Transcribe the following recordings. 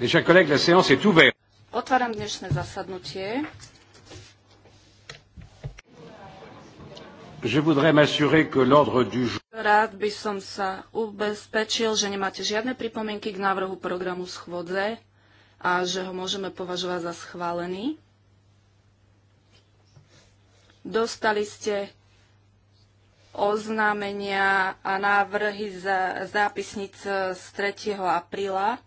Mes chers collègues, la séance est ouverte. Otváram dnešné zasadnutie. Je voudrais m'assurer que l'ordre du jour... Rád by som sa ubezpečil, že nemáte žiadne pripomienky k návrhu programu schôdze a že ho môžeme považovať za schválený. Dostali ste oznámenia a návrhy za zápisnic e, z 3. apríla.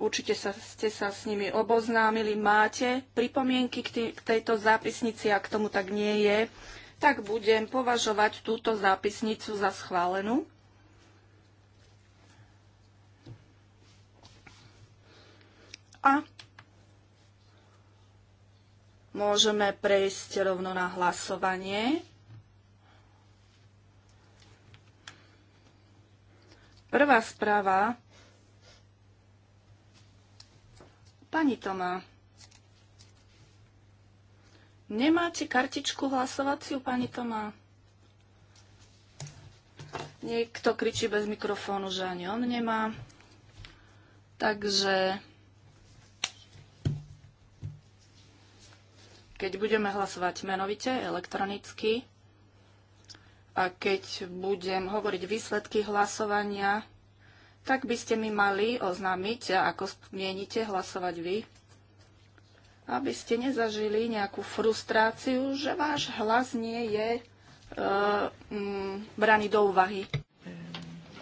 Určite sa, ste sa s nimi oboznámili. Máte pripomienky k, tý, k tejto zápisnici, ak tomu tak nie je, tak budem považovať túto zápisnicu za schválenú. A môžeme prejsť rovno na hlasovanie. Prvá správa. Pani Tomá. Nemáte kartičku hlasovaciu, pani Tomá? Niekto kričí bez mikrofónu, že ani on nemá. Takže keď budeme hlasovať menovite, elektronicky, a keď budem hovoriť výsledky hlasovania, tak by ste mi mali oznámiť, ako mienite hlasovať vy, aby ste nezažili nejakú frustráciu, že váš hlas nie je e, m, mm, braný do úvahy.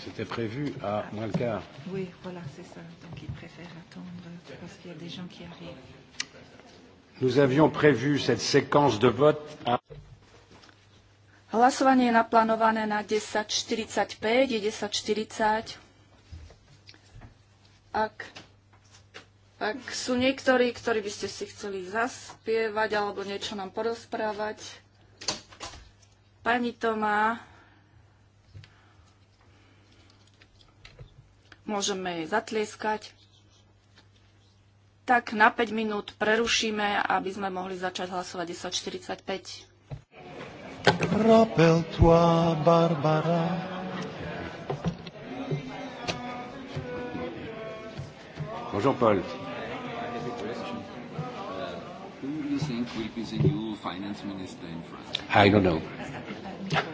C'était prévu à moins le quart. Oui, voilà, c'est ça. Donc ils préfèrent attendre parce qu'il y a des gens qui arrivent. Nous avions prévu cette séquence de vote à... Hlasovanie je naplánované na 10.45, je 10.40. Ak, ak sú niektorí, ktorí by ste si chceli zaspievať alebo niečo nám porozprávať, pani Tomá, môžeme jej zatlieskať. Tak na 5 minút prerušíme, aby sme mohli začať hlasovať 10.45. Rappelle-toi, Barbara, Bonjour Paul. Uh, who do you think will be the new finance minister in France? I don't know.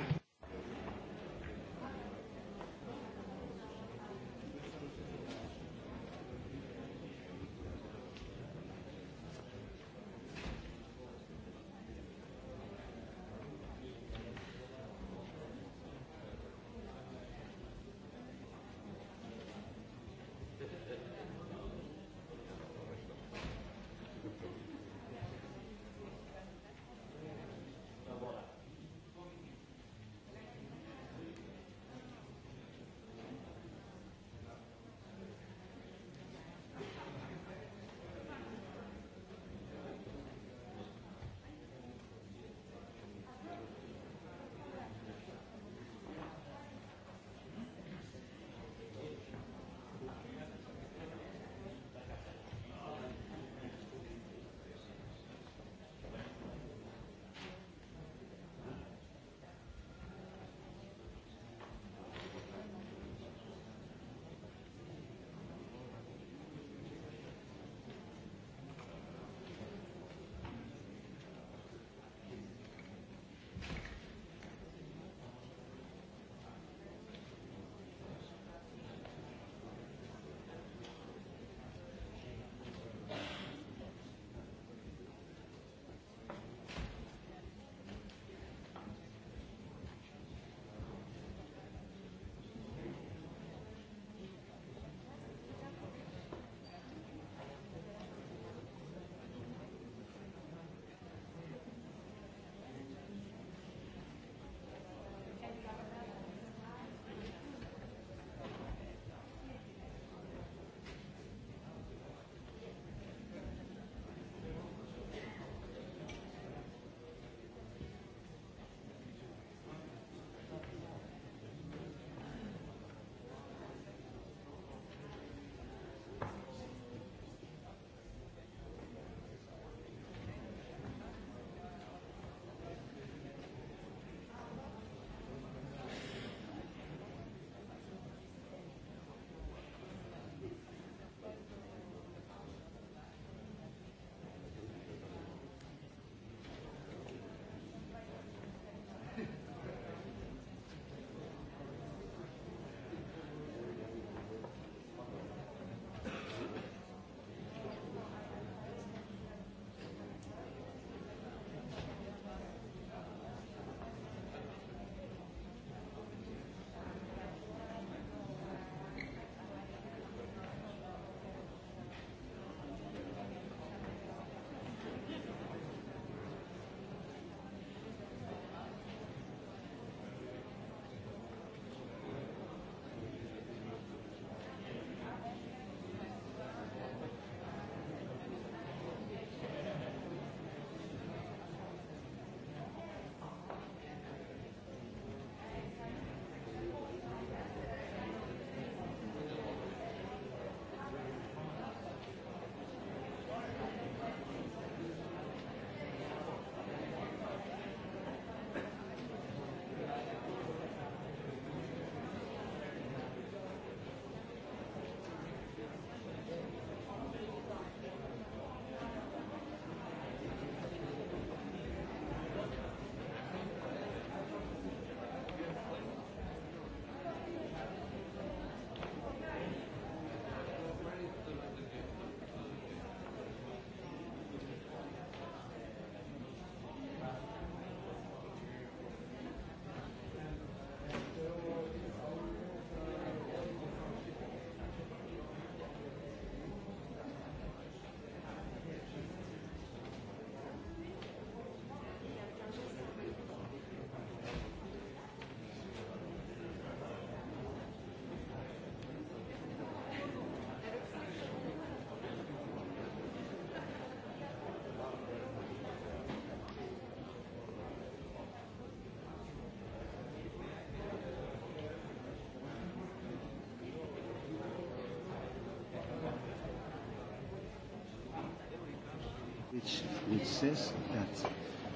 which, which says that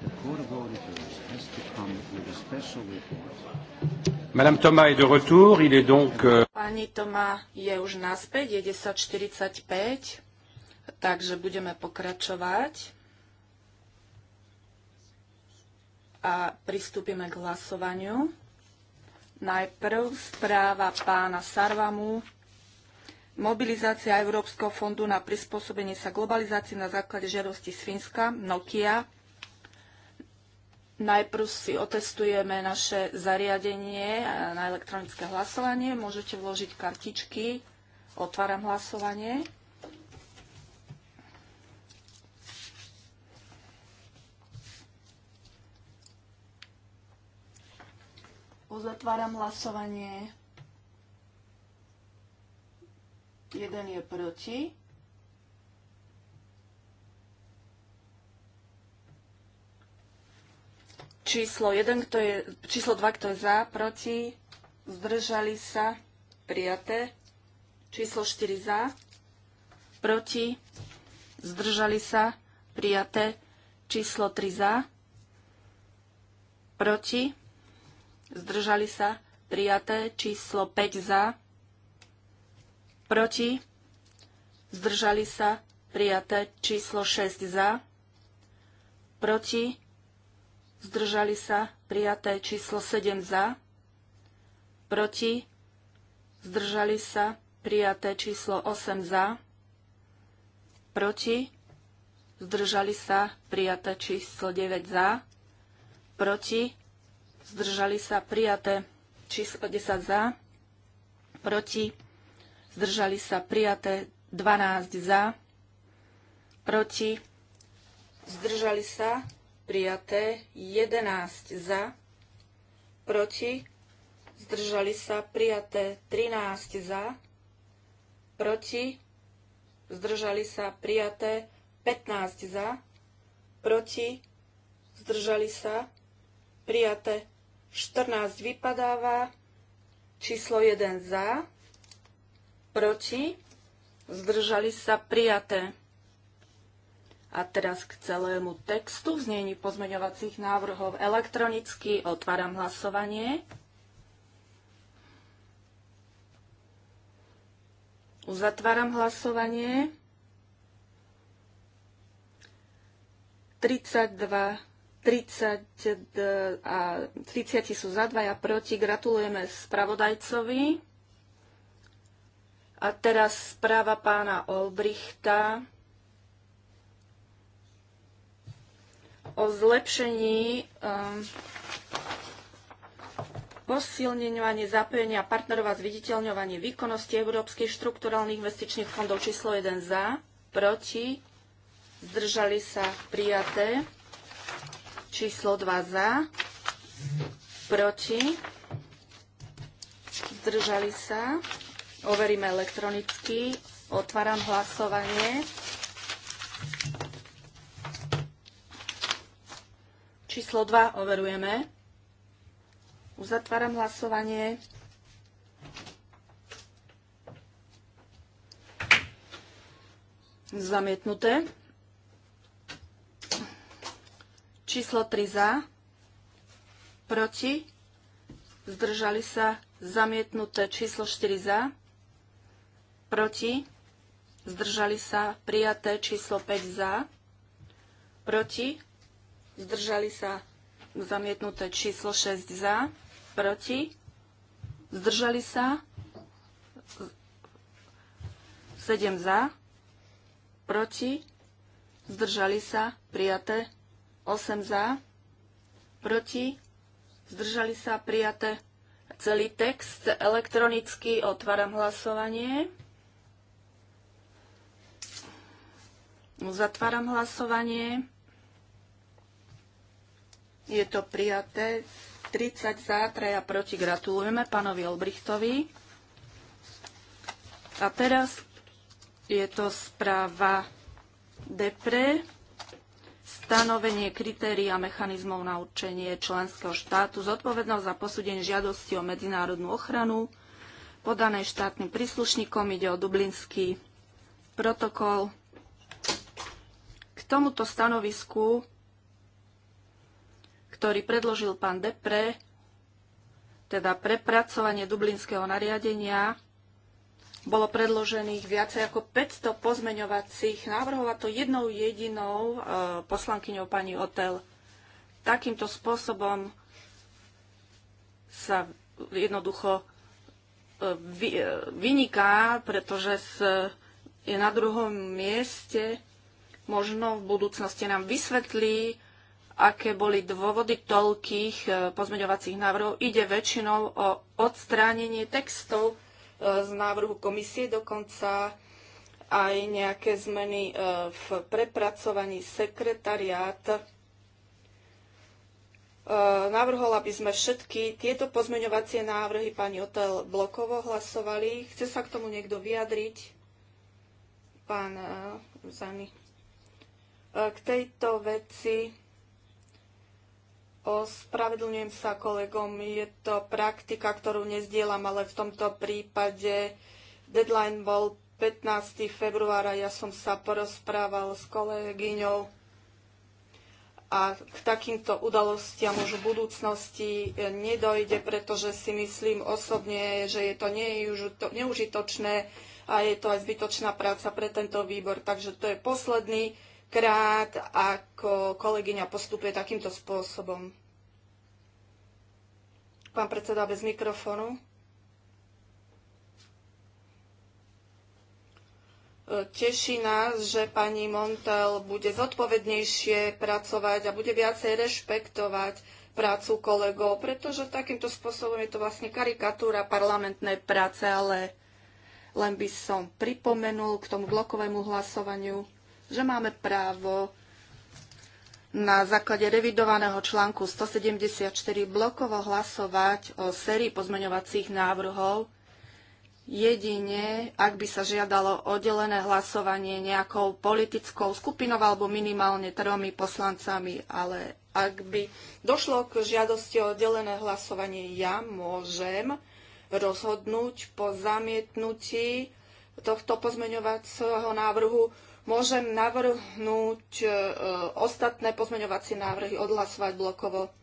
the Court of Auditors has to come with a special report. Madame Thomas est de retour, il est donc... Euh, Pani Thomas je už naspäť, je 10.45, takže budeme pokračovať. A pristúpime k hlasovaniu. Najprv správa pána Sarvamu Mobilizácia Európskeho fondu na prispôsobenie sa globalizácii na základe žiadosti z Fínska, Nokia. Najprv si otestujeme naše zariadenie na elektronické hlasovanie. Môžete vložiť kartičky. Otváram hlasovanie. Uzatváram hlasovanie. Jeden je proti. Číslo 1, kto je, číslo 2, kto je za, proti, zdržali sa, prijaté. Číslo 4 za, proti, zdržali sa, prijaté. Číslo 3 za, proti, zdržali sa, prijaté. Číslo 5 za, proti, zdržali sa, prijaté. Číslo 6 za, proti, zdržali sa, prijaté. Číslo 7 za, proti, zdržali sa, prijaté. Číslo 8 za, proti, zdržali sa, prijaté číslo 9 za, proti, zdržali sa, prijaté číslo 10 za, proti, zdržali sa prijaté 12 za, proti, zdržali sa prijaté 11 za, proti, zdržali sa prijaté 13 za, proti, zdržali sa prijaté 15 za, proti, zdržali sa prijaté 14 vypadáva, číslo 1 za, proti, zdržali sa prijaté. A teraz k celému textu v znení pozmeňovacích návrhov elektronicky otváram hlasovanie. Uzatváram hlasovanie. 32, 30 a 30 sú za, dvaja proti. Gratulujeme spravodajcovi. A teraz správa pána Olbrichta o zlepšení um, ehm, posilňovanie zapojenia partnerov a zviditeľňovanie výkonnosti európskych štrukturálnych investičných fondov číslo 1 za, proti, zdržali sa prijaté, číslo 2 za, proti, zdržali sa Overíme elektronicky. Otváram hlasovanie. Číslo 2 overujeme. Uzatváram hlasovanie. Zamietnuté. Číslo 3 za. Proti. Zdržali sa. Zamietnuté. Číslo 4 za proti, zdržali sa prijaté číslo 5 za, proti, zdržali sa zamietnuté číslo 6 za, proti, zdržali sa 7 za, proti, zdržali sa prijaté 8 za, proti, zdržali sa prijaté celý text elektronicky, otváram hlasovanie. Uzatváram hlasovanie. Je to prijaté. 30 za, 3 a proti. Gratulujeme pánovi Olbrichtovi. A teraz je to správa DEPRE. Stanovenie kritérií a mechanizmov na určenie členského štátu, zodpovednosť za posúdenie žiadosti o medzinárodnú ochranu, podanej štátnym príslušníkom ide o Dublinský protokol tomuto stanovisku, ktorý predložil pán Depre, teda prepracovanie dublinského nariadenia, bolo predložených viacej ako 500 pozmeňovacích návrhov a to jednou jedinou e, poslankyňou pani Otel. Takýmto spôsobom sa jednoducho e, e, vyniká, pretože je na druhom mieste možno v budúcnosti nám vysvetlí, aké boli dôvody toľkých e, pozmeňovacích návrhov. Ide väčšinou o odstránenie textov e, z návrhu komisie, dokonca aj nejaké zmeny e, v prepracovaní sekretariát. Navrhol, aby sme všetky tieto pozmeňovacie návrhy pani Otel blokovo hlasovali. Chce sa k tomu niekto vyjadriť? Pán Zany. K tejto veci ospravedlňujem sa kolegom, je to praktika, ktorú nezdielam, ale v tomto prípade deadline bol 15. februára, ja som sa porozprával s kolegyňou a k takýmto udalostiam už v budúcnosti nedojde, pretože si myslím osobne, že je to neužitočné a je to aj zbytočná práca pre tento výbor. Takže to je posledný krát, ako kolegyňa postupuje takýmto spôsobom. Pán predseda bez mikrofónu. E, teší nás, že pani Montel bude zodpovednejšie pracovať a bude viacej rešpektovať prácu kolegov, pretože takýmto spôsobom je to vlastne karikatúra parlamentnej práce, ale len by som pripomenul k tomu blokovému hlasovaniu, že máme právo na základe revidovaného článku 174 blokovo hlasovať o sérii pozmeňovacích návrhov, jedine ak by sa žiadalo oddelené hlasovanie nejakou politickou skupinou alebo minimálne tromi poslancami, ale ak by došlo k žiadosti o oddelené hlasovanie, ja môžem rozhodnúť po zamietnutí tohto pozmeňovacieho návrhu Môžem navrhnúť e, ostatné pozmeňovacie návrhy odhlasovať blokovo.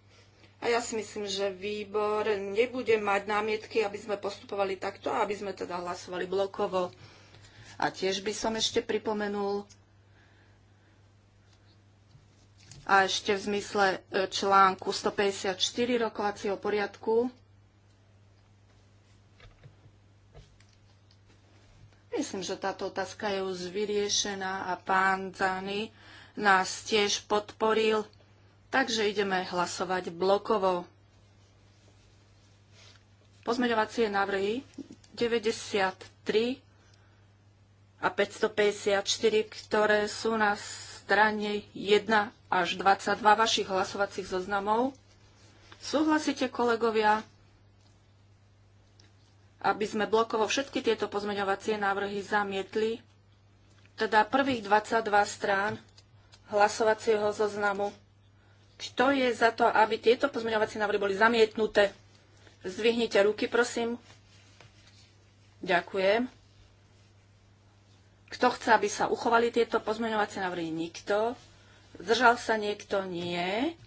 A ja si myslím, že výbor nebude mať námietky, aby sme postupovali takto a aby sme teda hlasovali blokovo. A tiež by som ešte pripomenul, a ešte v zmysle e, článku 154 rokovacieho poriadku, Myslím, že táto otázka je už vyriešená a pán Zany nás tiež podporil, takže ideme hlasovať blokovo. Pozmeňovacie návrhy 93 a 554, ktoré sú na strane 1 až 22 vašich hlasovacích zoznamov. Súhlasíte, kolegovia? aby sme blokovo všetky tieto pozmeňovacie návrhy zamietli, teda prvých 22 strán hlasovacieho zoznamu. Kto je za to, aby tieto pozmeňovacie návrhy boli zamietnuté? Zdvihnite ruky, prosím. Ďakujem. Kto chce, aby sa uchovali tieto pozmeňovacie návrhy? Nikto. Zdržal sa niekto? Nie.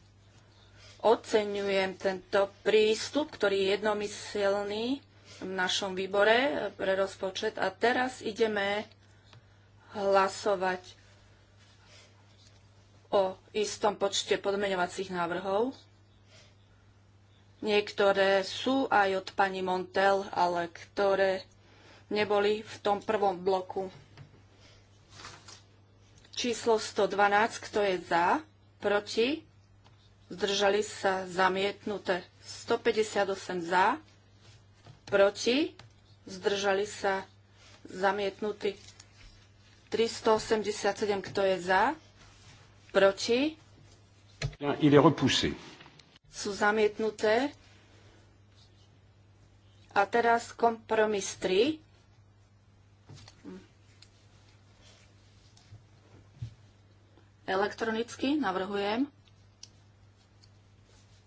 Oceňujem tento prístup, ktorý je jednomyselný v našom výbore pre rozpočet a teraz ideme hlasovať o istom počte podmeňovacích návrhov. Niektoré sú aj od pani Montel, ale ktoré neboli v tom prvom bloku. Číslo 112, kto je za, proti, zdržali sa zamietnuté. 158 za, proti, zdržali sa zamietnutí. 387, kto je za, proti, Il est repoussé. sú zamietnuté. A teraz kompromis 3. Elektronicky navrhujem.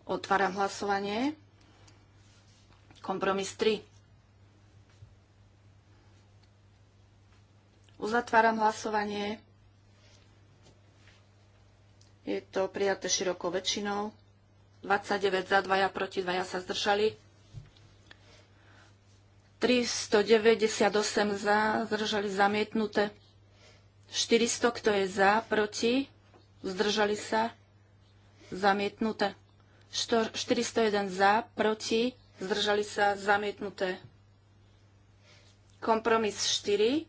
Otváram hlasovanie. Kompromis 3. Uzatváram hlasovanie. Je to prijaté širokou väčšinou. 29 za, 2 proti, 2 sa zdržali. 398 za, zdržali zamietnuté. 400, kto je za, proti, zdržali sa, zamietnuté. 401 za, proti, zdržali sa zamietnuté. Kompromis 4.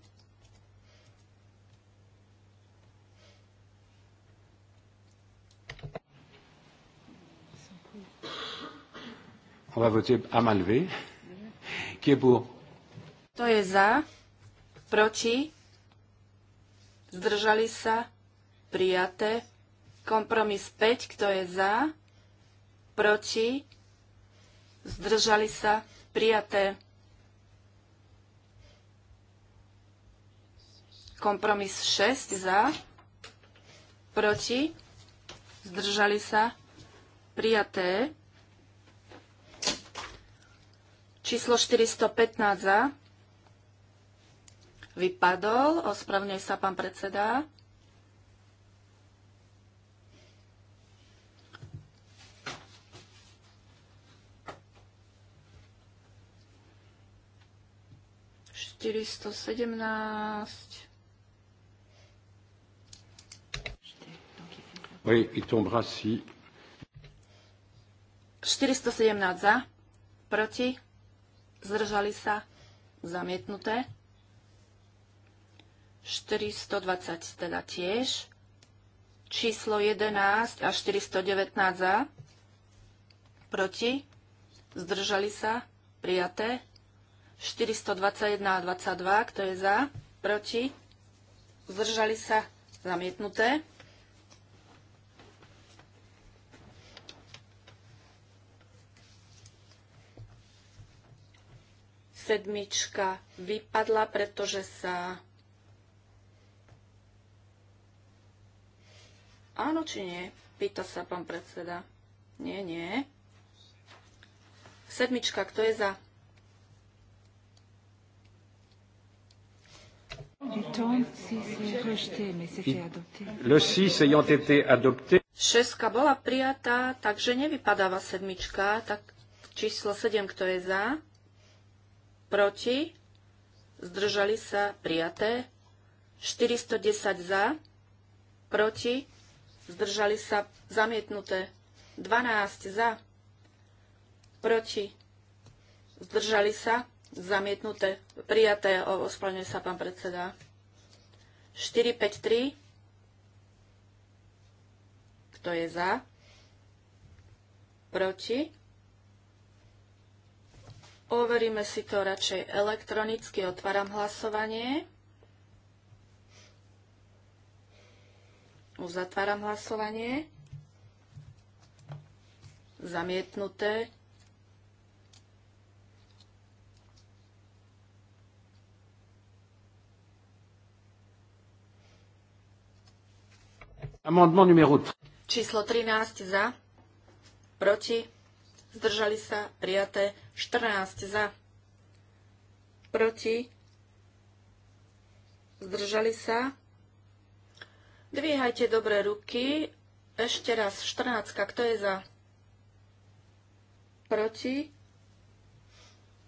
On va voter à main levée. Qui est pour To je za, proti, zdržali sa, prijaté. Kompromis 5, kto je za, proti, zdržali sa, prijaté. Kompromis 6 za, proti, zdržali sa, prijaté. Číslo 415 za, vypadol, ospravňuje sa pán predseda. 417. Oui, il tombera si... 417 za, proti, zdržali sa, zamietnuté. 420 teda tiež. Číslo 11 a 419 za, proti, zdržali sa, prijaté. 421 a 22, kto je za, proti, zdržali sa, zamietnuté. Sedmička vypadla, pretože sa... Áno či nie? Pýta sa pán predseda. Nie, nie. Sedmička, kto je za? Le 6 ayant été adopté. Šeska bola prijatá, takže nevypadáva sedmička, tak číslo 7, kto je za, proti, zdržali sa, prijaté, 410 za, proti, zdržali sa, zamietnuté, 12 za, proti, zdržali sa, Zamietnuté. Prijaté. ospravňuje sa pán predseda. 453. Kto je za? Proti? Overíme si to radšej elektronicky. Otváram hlasovanie. Uzatváram hlasovanie. Zamietnuté. Číslo 13 za, proti, zdržali sa, prijaté. 14 za, proti, zdržali sa. Dvíhajte dobré ruky. Ešte raz 14. Kto je za? Proti?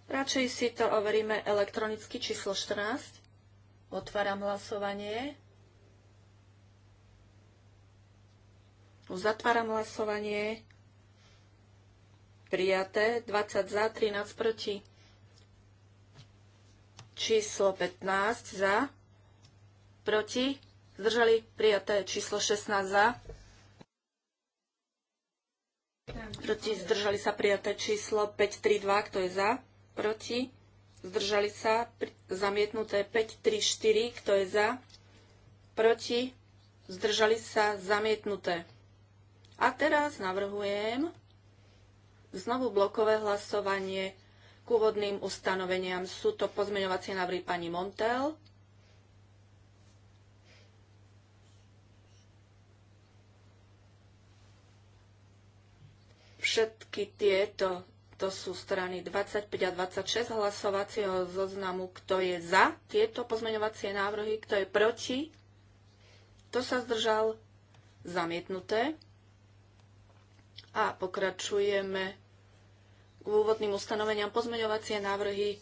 Radšej si to overíme elektronicky číslo 14. Otváram hlasovanie. Zatváram hlasovanie. Prijaté. 20 za, 13 proti. Číslo 15 za, proti. Zdržali prijaté číslo 16 za. Proti zdržali sa prijaté číslo 532, kto je za? Proti zdržali sa zamietnuté 534, kto je za? Proti zdržali sa zamietnuté a teraz navrhujem znovu blokové hlasovanie k úvodným ustanoveniam. Sú to pozmeňovacie návrhy pani Montel. Všetky tieto, to sú strany 25 a 26 hlasovacieho zoznamu, kto je za tieto pozmeňovacie návrhy, kto je proti, kto sa zdržal, zamietnuté a pokračujeme k úvodným ustanoveniam pozmeňovacie návrhy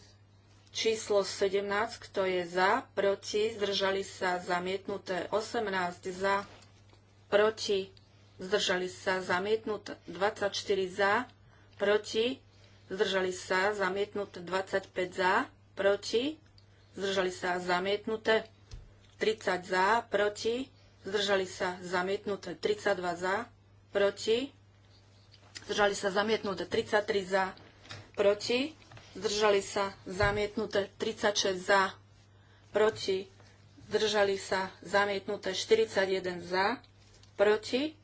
číslo 17, kto je za, proti, zdržali sa zamietnuté 18 za, proti, zdržali sa zamietnuté 24 za, proti, zdržali sa zamietnuté 25 za, proti, zdržali sa zamietnuté 30 za, proti, zdržali sa zamietnuté 32 za, proti, zdržali sa zamietnuté 33 za, proti, zdržali sa zamietnuté 36 za, proti, zdržali sa zamietnuté 41 za, proti,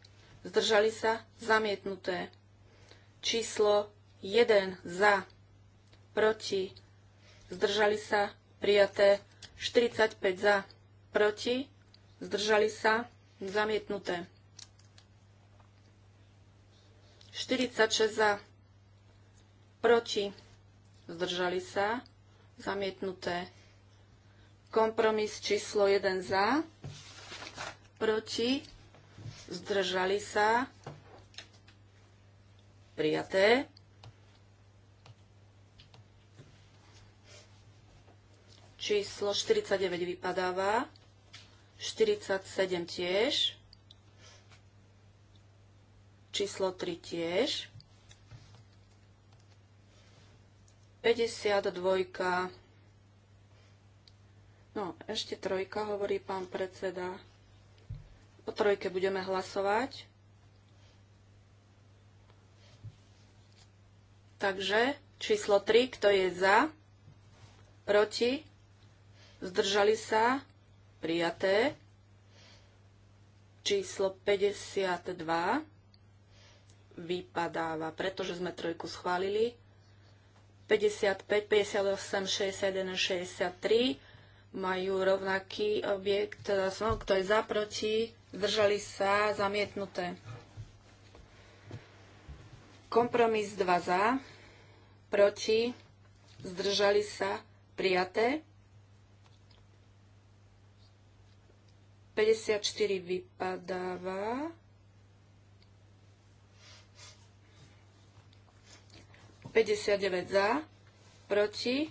zdržali sa zamietnuté číslo 1 za, proti, zdržali sa prijaté 45 za, proti, zdržali sa zamietnuté 46 za, proti, zdržali sa, zamietnuté. Kompromis číslo 1 za, proti, zdržali sa, prijaté. Číslo 49 vypadáva, 47 tiež číslo 3 tiež. 52. No, ešte trojka, hovorí pán predseda. O trojke budeme hlasovať. Takže číslo 3, kto je za, proti, zdržali sa, prijaté. Číslo 52 vypadáva, pretože sme trojku schválili. 55, 58, 61, 63 majú rovnaký objekt. Teda som, kto je za, proti, zdržali sa, zamietnuté. Kompromis 2 za, proti, zdržali sa, prijaté. 54 vypadáva. 59 za, proti,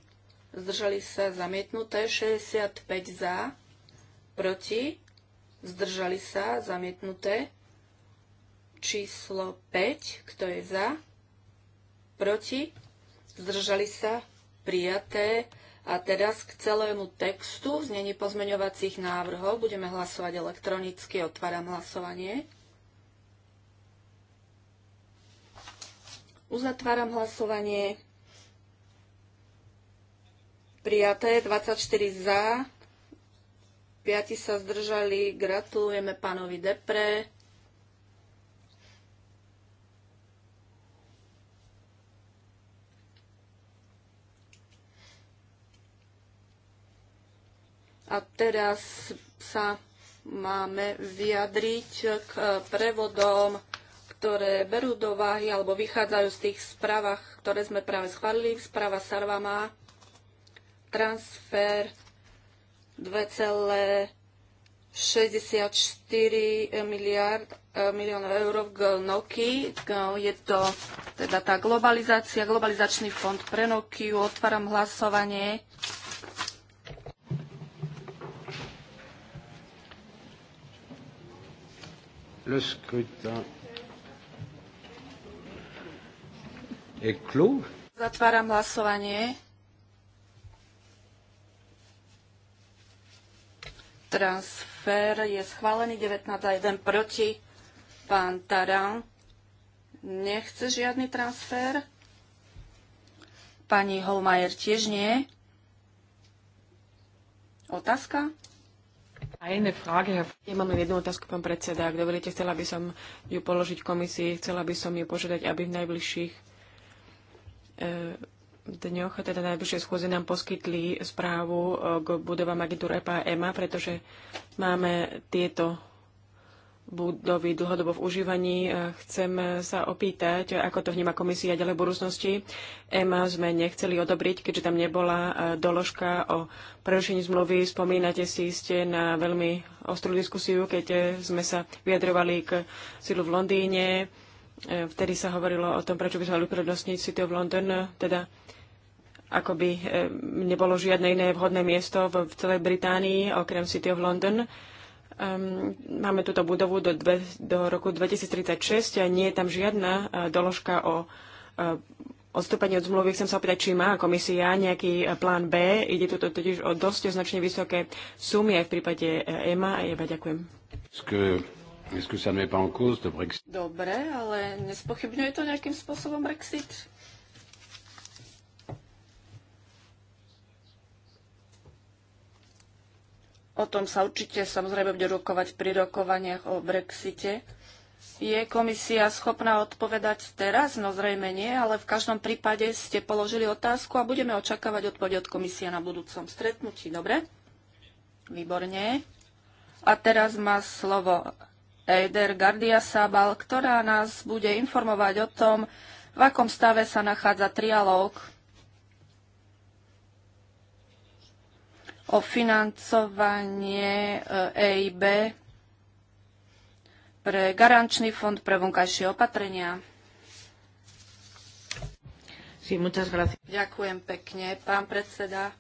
zdržali sa zamietnuté, 65 za, proti, zdržali sa zamietnuté, číslo 5, kto je za, proti, zdržali sa prijaté. A teraz k celému textu v znení pozmeňovacích návrhov budeme hlasovať elektronicky. Otváram hlasovanie. Uzatváram hlasovanie. Prijaté 24 za. 5 sa zdržali. Gratulujeme pánovi Depre. A teraz sa máme vyjadriť k prevodom ktoré berú do váhy alebo vychádzajú z tých správach, ktoré sme práve schválili. Správa Sarva má transfer 2,64 miliard e, miliónov eur k Noki. Je to teda tá globalizácia, globalizačný fond pre Nokiu. Otváram hlasovanie. Le scrutin Zatváram hlasovanie. Transfer je schválený 19 a 1 proti. Pán Taran nechce žiadny transfer. Pani Holmajer tiež nie. Otázka? Ja mám len jednu otázku, pán predseda. Ak dovolíte, chcela by som ju položiť komisii, chcela by som ju požiadať, aby v najbližších E, dňoch, teda najbližšie schôze nám poskytli správu e, k budovám agentúr EPA a EMA, e pretože máme tieto budovy dlhodobo v užívaní. Chcem sa opýtať, ako to vníma komisia ďalej v budúcnosti. EMA sme nechceli odobriť, keďže tam nebola doložka o prerušení zmluvy. Spomínate si ste na veľmi ostrú diskusiu, keď sme sa vyjadrovali k sílu v Londýne E, vtedy sa hovorilo o tom, prečo by sme mali uprednostniť City of London, teda ako by e, nebolo žiadne iné vhodné miesto v celej Británii, okrem City of London. Ehm, máme túto budovu do, dve, do roku 2036 a nie je tam žiadna e, doložka o odstúpení od zmluvy. Chcem sa opýtať, či má komisia nejaký plán B. Ide tu totiž o dosť značne vysoké sumy aj v prípade EMA a EBA. Ďakujem. Dobre, ale nespochybňuje to nejakým spôsobom Brexit? O tom sa určite samozrejme bude rokovať pri rokovaniach o Brexite. Je komisia schopná odpovedať teraz? No zrejme nie, ale v každom prípade ste položili otázku a budeme očakávať odpoveď od komisie na budúcom stretnutí. Dobre? Výborne. A teraz má slovo Eider Gardia Sabal, ktorá nás bude informovať o tom, v akom stave sa nachádza trialóg o financovanie EIB e pre garančný fond pre vonkajšie opatrenia. Sí, Ďakujem pekne, pán predseda.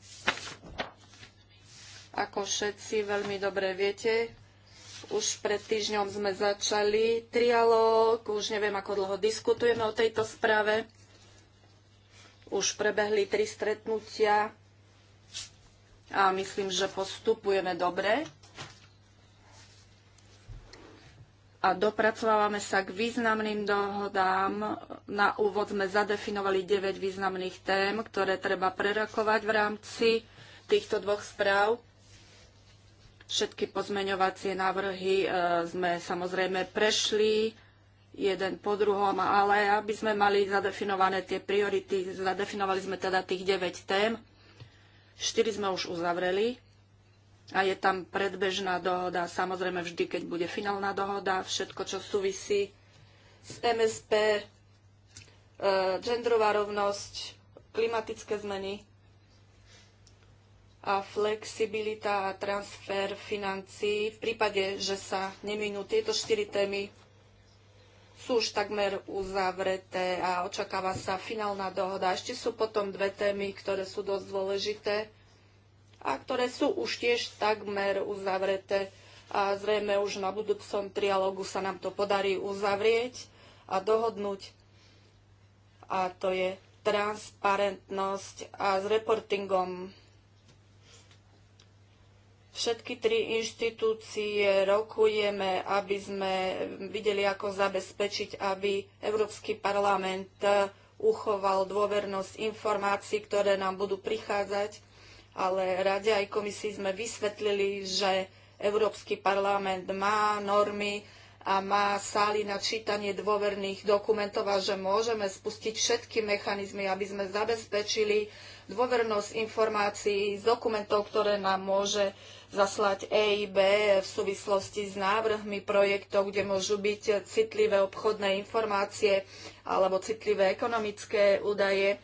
Ako všetci veľmi dobre viete, už pred týždňom sme začali trialóg, už neviem, ako dlho diskutujeme o tejto správe. Už prebehli tri stretnutia a myslím, že postupujeme dobre. a dopracovávame sa k významným dohodám. Na úvod sme zadefinovali 9 významných tém, ktoré treba prerakovať v rámci týchto dvoch správ. Všetky pozmeňovacie návrhy e, sme samozrejme prešli jeden po druhom, ale aby sme mali zadefinované tie priority, zadefinovali sme teda tých 9 tém. 4 sme už uzavreli a je tam predbežná dohoda, samozrejme vždy, keď bude finálna dohoda, všetko, čo súvisí s MSP, e, genderová rovnosť, klimatické zmeny, a flexibilita a transfer financií v prípade, že sa neminú tieto štyri témy sú už takmer uzavreté a očakáva sa finálna dohoda. Ešte sú potom dve témy, ktoré sú dosť dôležité a ktoré sú už tiež takmer uzavreté a zrejme už na budúcom trialógu sa nám to podarí uzavrieť a dohodnúť. A to je transparentnosť a s reportingom Všetky tri inštitúcie rokujeme, aby sme videli, ako zabezpečiť, aby Európsky parlament uchoval dôvernosť informácií, ktoré nám budú prichádzať, ale Rade aj komisii sme vysvetlili, že Európsky parlament má normy a má sály na čítanie dôverných dokumentov a že môžeme spustiť všetky mechanizmy, aby sme zabezpečili dôvernosť informácií z dokumentov, ktoré nám môže zaslať EIB v súvislosti s návrhmi projektov, kde môžu byť citlivé obchodné informácie alebo citlivé ekonomické údaje.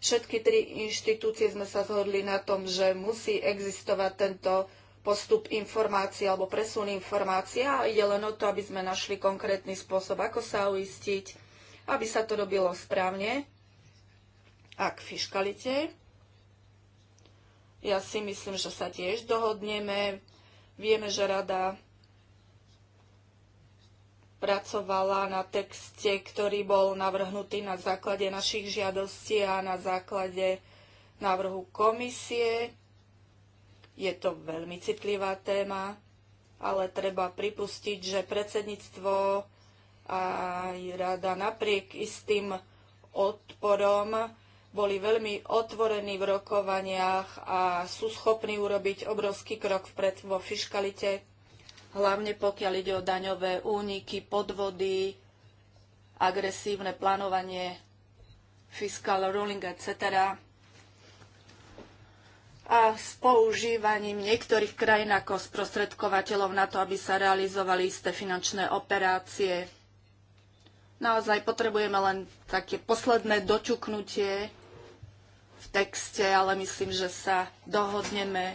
Všetky tri inštitúcie sme sa zhodli na tom, že musí existovať tento postup informácií alebo presun informácií a ide len o to, aby sme našli konkrétny spôsob, ako sa uistiť, aby sa to robilo správne a k fiškalite. Ja si myslím, že sa tiež dohodneme. Vieme, že rada pracovala na texte, ktorý bol navrhnutý na základe našich žiadostí a na základe návrhu komisie. Je to veľmi citlivá téma, ale treba pripustiť, že predsedníctvo aj rada napriek istým odporom boli veľmi otvorení v rokovaniach a sú schopní urobiť obrovský krok vpred vo fiškalite, hlavne pokiaľ ide o daňové úniky, podvody, agresívne plánovanie, fiscal ruling, etc. A s používaním niektorých krajín ako sprostredkovateľov na to, aby sa realizovali isté finančné operácie. Naozaj potrebujeme len také posledné doťuknutie, texte, ale myslím, že sa dohodneme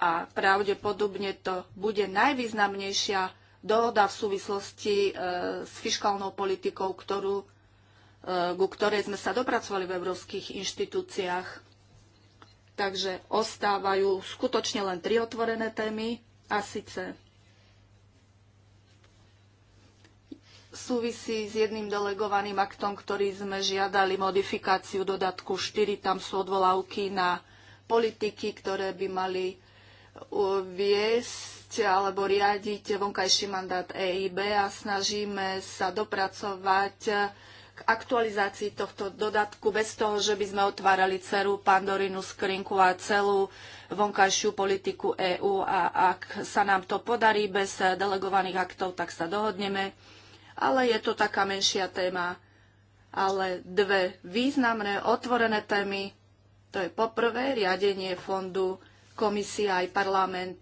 a pravdepodobne to bude najvýznamnejšia dohoda v súvislosti e, s fiškálnou politikou, ktorú, e, ku ktorej sme sa dopracovali v európskych inštitúciách. Takže ostávajú skutočne len tri otvorené témy a síce súvisí s jedným delegovaným aktom, ktorý sme žiadali modifikáciu dodatku 4. Tam sú odvolávky na politiky, ktoré by mali viesť alebo riadiť vonkajší mandát EIB a snažíme sa dopracovať k aktualizácii tohto dodatku bez toho, že by sme otvárali celú pandorinu skrinku a celú vonkajšiu politiku EÚ a ak sa nám to podarí bez delegovaných aktov, tak sa dohodneme ale je to taká menšia téma. Ale dve významné otvorené témy, to je poprvé riadenie fondu, komisia aj parlament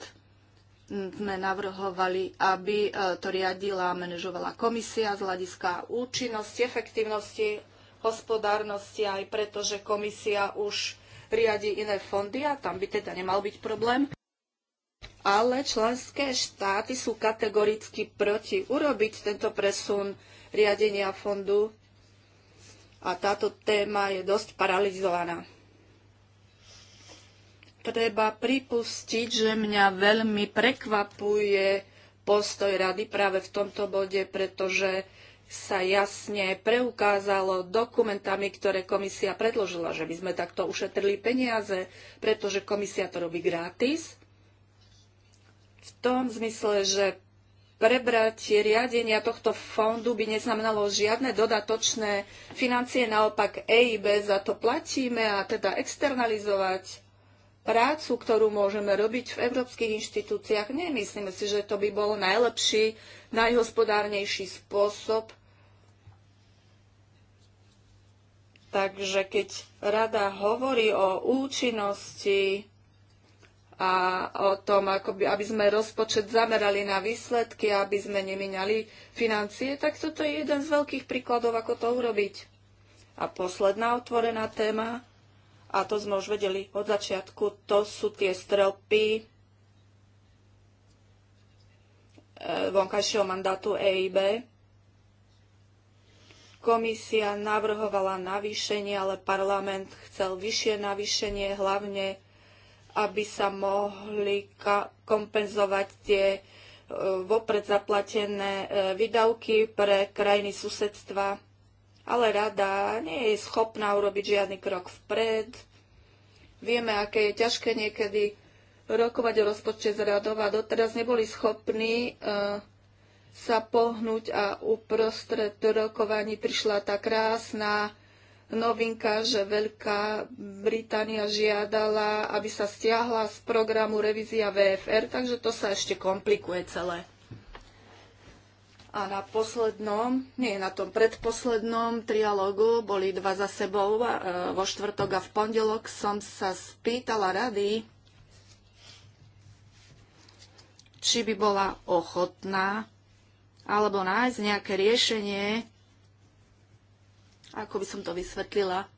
sme navrhovali, aby e, to riadila a manažovala komisia z hľadiska účinnosti, efektívnosti, hospodárnosti, aj preto, že komisia už riadi iné fondy a tam by teda nemal byť problém ale členské štáty sú kategoricky proti urobiť tento presun riadenia fondu a táto téma je dosť paralizovaná. Treba pripustiť, že mňa veľmi prekvapuje postoj rady práve v tomto bode, pretože sa jasne preukázalo dokumentami, ktoré komisia predložila, že by sme takto ušetrili peniaze, pretože komisia to robí gratis v tom zmysle, že prebrať riadenia tohto fondu by neznamenalo žiadne dodatočné financie, naopak EIB za to platíme a teda externalizovať prácu, ktorú môžeme robiť v európskych inštitúciách. Nemyslíme si, že to by bol najlepší, najhospodárnejší spôsob. Takže keď rada hovorí o účinnosti a o tom, ako by, aby sme rozpočet zamerali na výsledky, aby sme nemiňali financie, tak toto je jeden z veľkých príkladov, ako to urobiť. A posledná otvorená téma, a to sme už vedeli od začiatku, to sú tie strelpy eh, vonkajšieho mandátu EIB. Komisia navrhovala navýšenie, ale parlament chcel vyššie navýšenie, hlavne aby sa mohli kompenzovať tie e, vopred zaplatené e, výdavky pre krajiny susedstva. Ale rada nie je schopná urobiť žiadny krok vpred. Vieme, aké je ťažké niekedy rokovať o rozpočte z radov a doteraz neboli schopní e, sa pohnúť a uprostred rokovaní prišla tá krásna novinka, že Veľká Británia žiadala, aby sa stiahla z programu revízia VFR, takže to sa ešte komplikuje celé. A na poslednom, nie na tom predposlednom trialógu boli dva za sebou. E, vo štvrtok a v pondelok som sa spýtala rady, či by bola ochotná alebo nájsť nejaké riešenie ako by som to vysvetlila?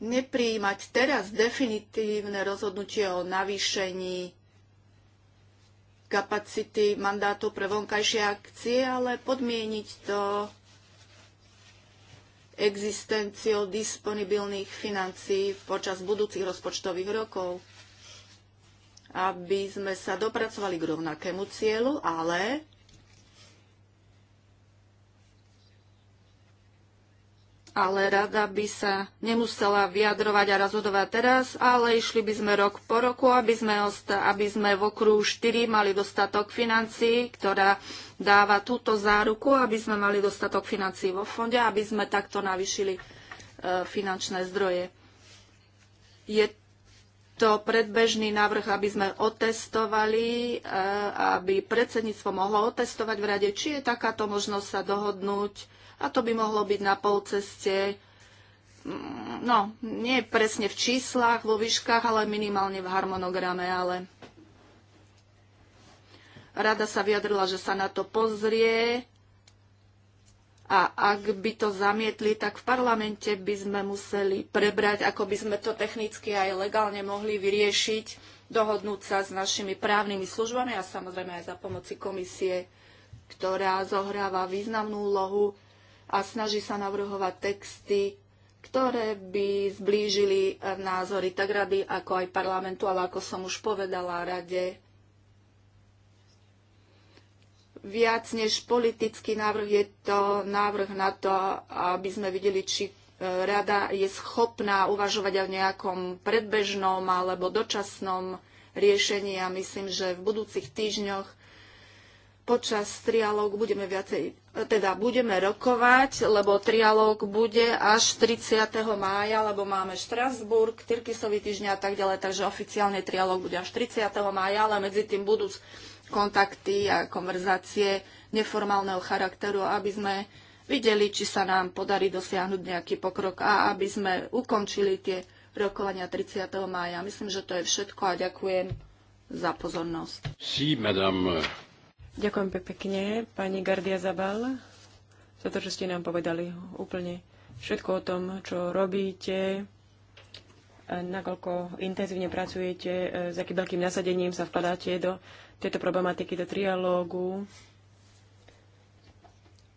Neprijímať teraz definitívne rozhodnutie o navýšení kapacity mandátu pre vonkajšie akcie, ale podmieniť to existenciou disponibilných financií počas budúcich rozpočtových rokov, aby sme sa dopracovali k rovnakému cieľu, ale ale rada by sa nemusela vyjadrovať a rozhodovať teraz, ale išli by sme rok po roku, aby sme, aby sme v okruhu 4 mali dostatok financií, ktorá dáva túto záruku, aby sme mali dostatok financií vo fonde, aby sme takto navyšili e, finančné zdroje. Je to predbežný návrh, aby sme otestovali, eh, aby predsedníctvo mohlo otestovať v rade, či je takáto možnosť sa dohodnúť a to by mohlo byť na pol ceste. Mm, no, nie presne v číslach, vo výškach, ale minimálne v harmonograme, ale rada sa vyjadrila, že sa na to pozrie a ak by to zamietli, tak v parlamente by sme museli prebrať, ako by sme to technicky aj legálne mohli vyriešiť, dohodnúť sa s našimi právnymi službami a samozrejme aj za pomoci komisie, ktorá zohráva významnú úlohu a snaží sa navrhovať texty, ktoré by zblížili názory tak rady, ako aj parlamentu, ale ako som už povedala rade, viac než politický návrh je to návrh na to, aby sme videli, či e, rada je schopná uvažovať o nejakom predbežnom alebo dočasnom riešení a myslím, že v budúcich týždňoch počas trialógu budeme viacej, teda budeme rokovať, lebo trialóg bude až 30. mája, lebo máme Štrasburg, Tyrkisový týždeň a tak ďalej, takže oficiálne trialóg bude až 30. mája, ale medzi tým budú kontakty a konverzácie neformálneho charakteru, aby sme videli, či sa nám podarí dosiahnuť nejaký pokrok a aby sme ukončili tie rokovania 30. mája. Myslím, že to je všetko a ďakujem za pozornosť. Sí, madame. Ďakujem pekne, pani Gardia Zabal, za to, že ste nám povedali úplne všetko o tom, čo robíte, nakoľko intenzívne pracujete, e, s akým veľkým nasadením sa vkladáte do tejto problematiky, do trialógu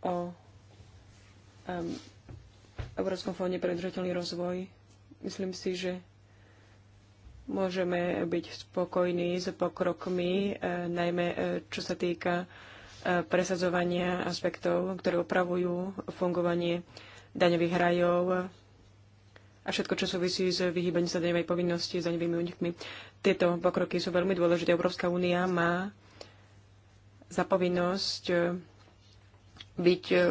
o um, Európskom fóne pre udržateľný rozvoj. Myslím si, že môžeme byť spokojní s pokrokmi, e, najmä e, čo sa týka presadzovania aspektov, ktoré upravujú fungovanie daňových rajov, a všetko, čo súvisí s vyhýbaním sa daňovej povinnosti, s daňovými únikmi. Tieto pokroky sú veľmi dôležité. Európska únia má za povinnosť eh, byť eh,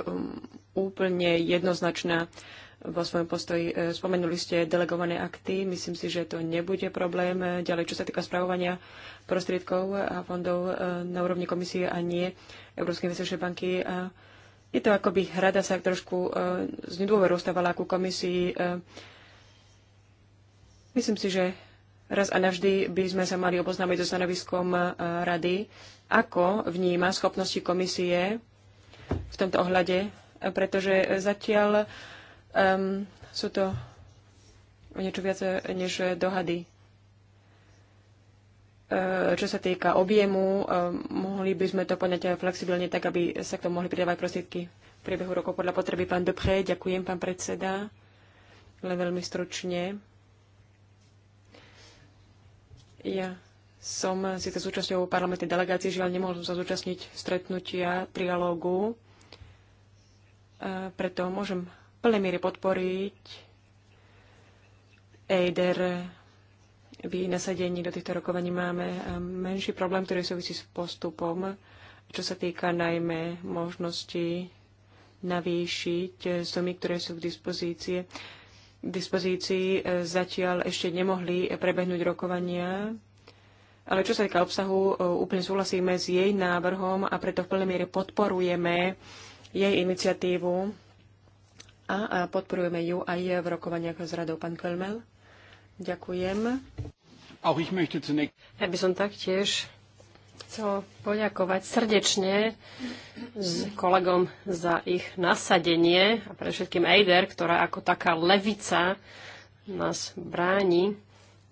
úplne jednoznačná vo svojom postoji. Eh, spomenuli ste delegované akty, myslím si, že to nebude problém. Ďalej, čo sa týka spravovania prostriedkov a fondov na úrovni komisie a nie Európskej investičnej banky. Je to akoby hrada sa trošku z nedôveru stávala ku komisii. Myslím si, že raz a navždy by sme sa mali oboznámiť so stanoviskom eh, rady, ako vníma schopnosti komisie v tomto ohľade, eh, pretože zatiaľ um, sú to niečo viac eh, než dohady. Čo sa týka objemu, mohli by sme to poňať flexibilne tak, aby sa k tomu mohli pridávať prostriedky v priebehu rokov podľa potreby. Pán Dupré, ďakujem, pán predseda. Len veľmi stručne ja som síce súčasťou parlamentnej delegácie, žiaľ nemohol som sa zúčastniť stretnutia, trialógu. E, preto môžem v plnej miere podporiť EIDER v nasadení do týchto rokovaní máme e, menší problém, ktorý súvisí s postupom, čo sa týka najmä možnosti navýšiť sumy, ktoré sú k dispozície dispozícii e, zatiaľ ešte nemohli prebehnúť rokovania. Ale čo sa týka obsahu, e, úplne súhlasíme s jej návrhom a preto v plnej miere podporujeme jej iniciatívu a podporujeme ju aj v rokovaniach s radou. Pán Kölmel, ďakujem. Ja by som taktiež chcel poďakovať srdečne s kolegom za ich nasadenie a pre všetkým Eider, ktorá ako taká levica nás bráni.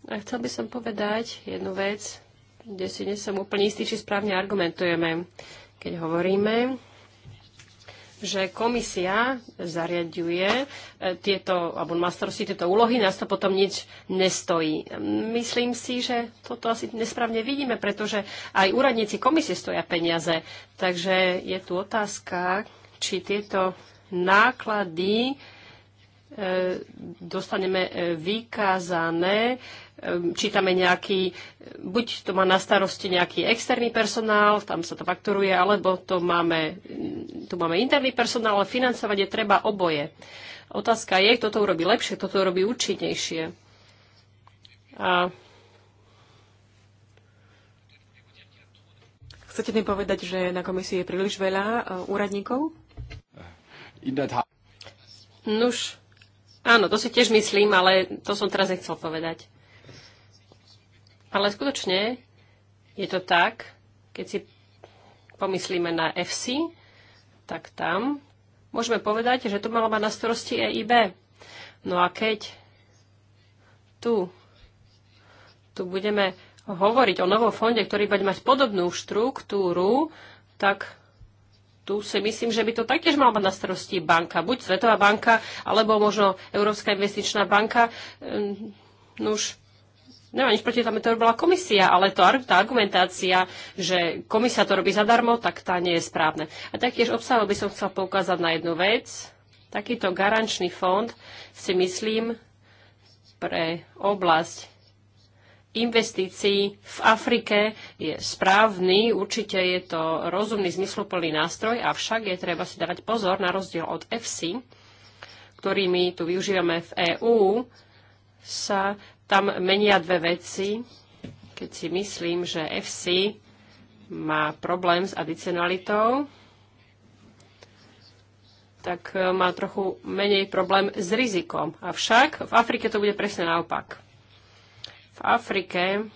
A chcel by som povedať jednu vec, kde si nie som úplne istý, či správne argumentujeme, keď hovoríme, že komisia zariaduje e, tieto, alebo má starosti tieto úlohy, nás to potom nič nestojí. Myslím si, že toto asi nesprávne vidíme, pretože aj úradníci komisie stoja peniaze. Takže je tu otázka, či tieto náklady e, dostaneme e, vykázané Ehm, čítame nejaký, buď to má na starosti nejaký externý personál, tam sa to fakturuje, alebo to máme, tu máme interný personál, ale financovať je treba oboje. Otázka je, kto to urobí lepšie, kto to urobí účinnejšie. A Chcete mi povedať, že na komisii je príliš veľa e, úradníkov? Nuž, áno, to si tiež myslím, ale to som teraz nechcel povedať. Ale skutočne je to tak, keď si pomyslíme na FC, tak tam môžeme povedať, že to malo mať na starosti EIB. No a keď tu, tu budeme hovoriť o novom fonde, ktorý bude mať podobnú štruktúru, tak tu si myslím, že by to taktiež mala mať na starosti banka. Buď Svetová banka, alebo možno Európska investičná banka. Ehm, nuž, Nemám nič proti tomu, to bola komisia, ale to, tá argumentácia, že komisia to robí zadarmo, tak tá nie je správne. A taktiež obsahu by som chcel poukázať na jednu vec. Takýto garančný fond si myslím pre oblasť investícií v Afrike je správny, určite je to rozumný, zmysluplný nástroj, avšak je treba si dávať pozor na rozdiel od FC, ktorý my tu využívame v EÚ, sa tam menia dve veci, keď si myslím, že FC má problém s adicionalitou, tak e, má trochu menej problém s rizikom. Avšak v Afrike to bude presne naopak. V Afrike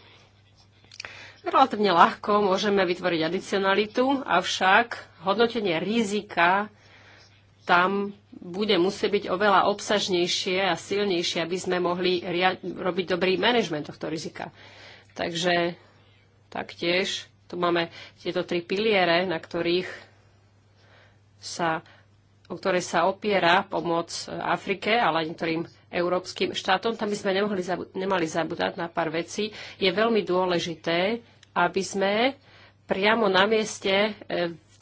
relatívne ľahko môžeme vytvoriť adicionalitu, avšak hodnotenie rizika tam bude musieť byť oveľa obsažnejšie a silnejšie, aby sme mohli robiť dobrý manažment tohto rizika. Takže taktiež tu máme tieto tri piliere, na ktorých sa, o ktoré sa opiera pomoc Afrike, ale aj niektorým európskym štátom. Tam by sme nemohli, nemali zabúdať na pár vecí. Je veľmi dôležité, aby sme priamo na mieste e,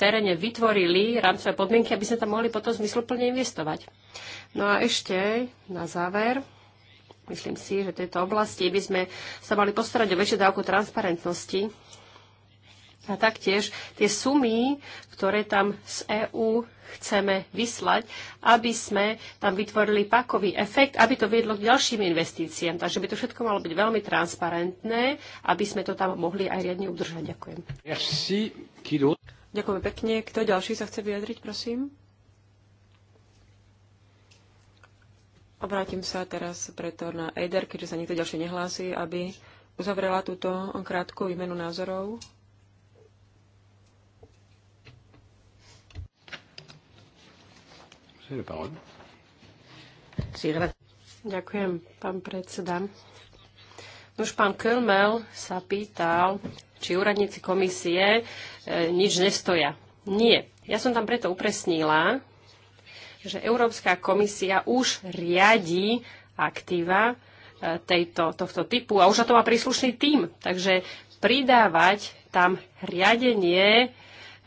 teréne vytvorili rámcové podmienky, aby sme tam mohli potom zmysluplne investovať. No a ešte na záver, myslím si, že v tejto oblasti by sme sa mali postarať o väčšiu dávku transparentnosti a taktiež tie sumy, ktoré tam z EÚ chceme vyslať, aby sme tam vytvorili pakový efekt, aby to viedlo k ďalším investíciám. Takže by to všetko malo byť veľmi transparentné, aby sme to tam mohli aj riadne udržať. Ďakujem. Merci. Ďakujem pekne. Kto ďalší sa chce vyjadriť, prosím? Obrátim sa teraz preto na Eider, keďže sa nikto ďalší nehlási, aby uzavrela túto krátku výmenu názorov. Ďakujem, pán predseda. Už pán Kölmel sa pýtal, či úradníci komisie e, nič nestoja. Nie. Ja som tam preto upresnila, že Európska komisia už riadi aktíva e, tejto, tohto typu a už na to má príslušný tím. Takže pridávať tam riadenie e,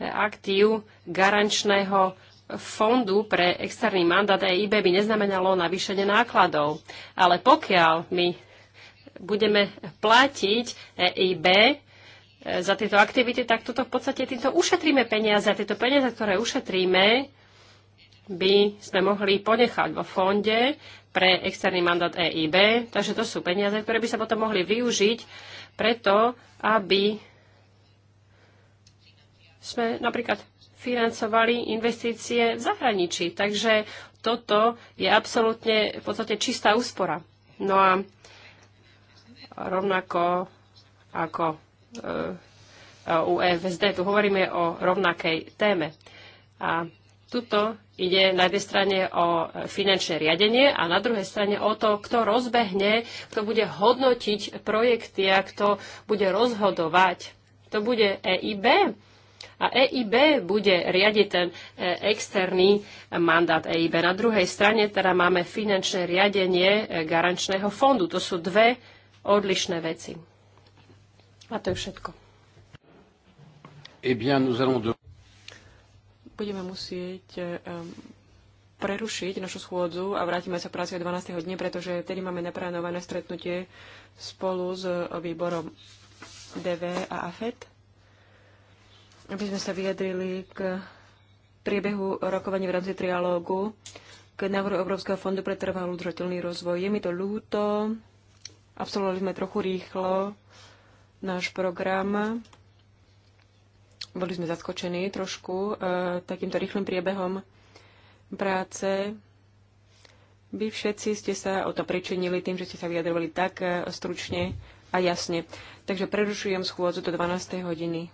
aktív garančného fondu pre externý mandát EIB by neznamenalo navýšenie nákladov. Ale pokiaľ my budeme platiť EIB E, za tieto aktivity, tak toto v podstate týmto ušetríme peniaze. Tieto peniaze, ktoré ušetríme, by sme mohli ponechať vo fonde pre externý mandát EIB. Takže to sú peniaze, ktoré by sa potom mohli využiť preto, aby sme napríklad financovali investície v zahraničí. Takže toto je absolútne v podstate čistá úspora. No a rovnako ako E, u EFSD. Tu hovoríme o rovnakej téme. A tuto ide na jednej strane o finančné riadenie a na druhej strane o to, kto rozbehne, kto bude hodnotiť projekty a kto bude rozhodovať. To bude EIB. A EIB bude riadiť ten e, externý mandát EIB. Na druhej strane teda máme finančné riadenie e, garančného fondu. To sú dve odlišné veci. A to je všetko. Eh bien, nous allons de... Budeme musieť um, prerušiť našu schôdzu a vrátime sa k práci o 12. hodine, pretože tedy máme naplánované stretnutie spolu s eh, výborom DV a AFET, aby sme sa vyjadrili k priebehu rokovania v rámci trialógu k návrhu Európskeho fondu pre trvalú udržateľný rozvoj. Je mi to ľúto, absolvovali sme trochu rýchlo, náš program. Boli sme zaskočení trošku e, takýmto rýchlym priebehom práce. Vy všetci ste sa o to pričinili tým, že ste sa vyjadrovali tak e, stručne a jasne. Takže prerušujem schôdzu do 12. hodiny.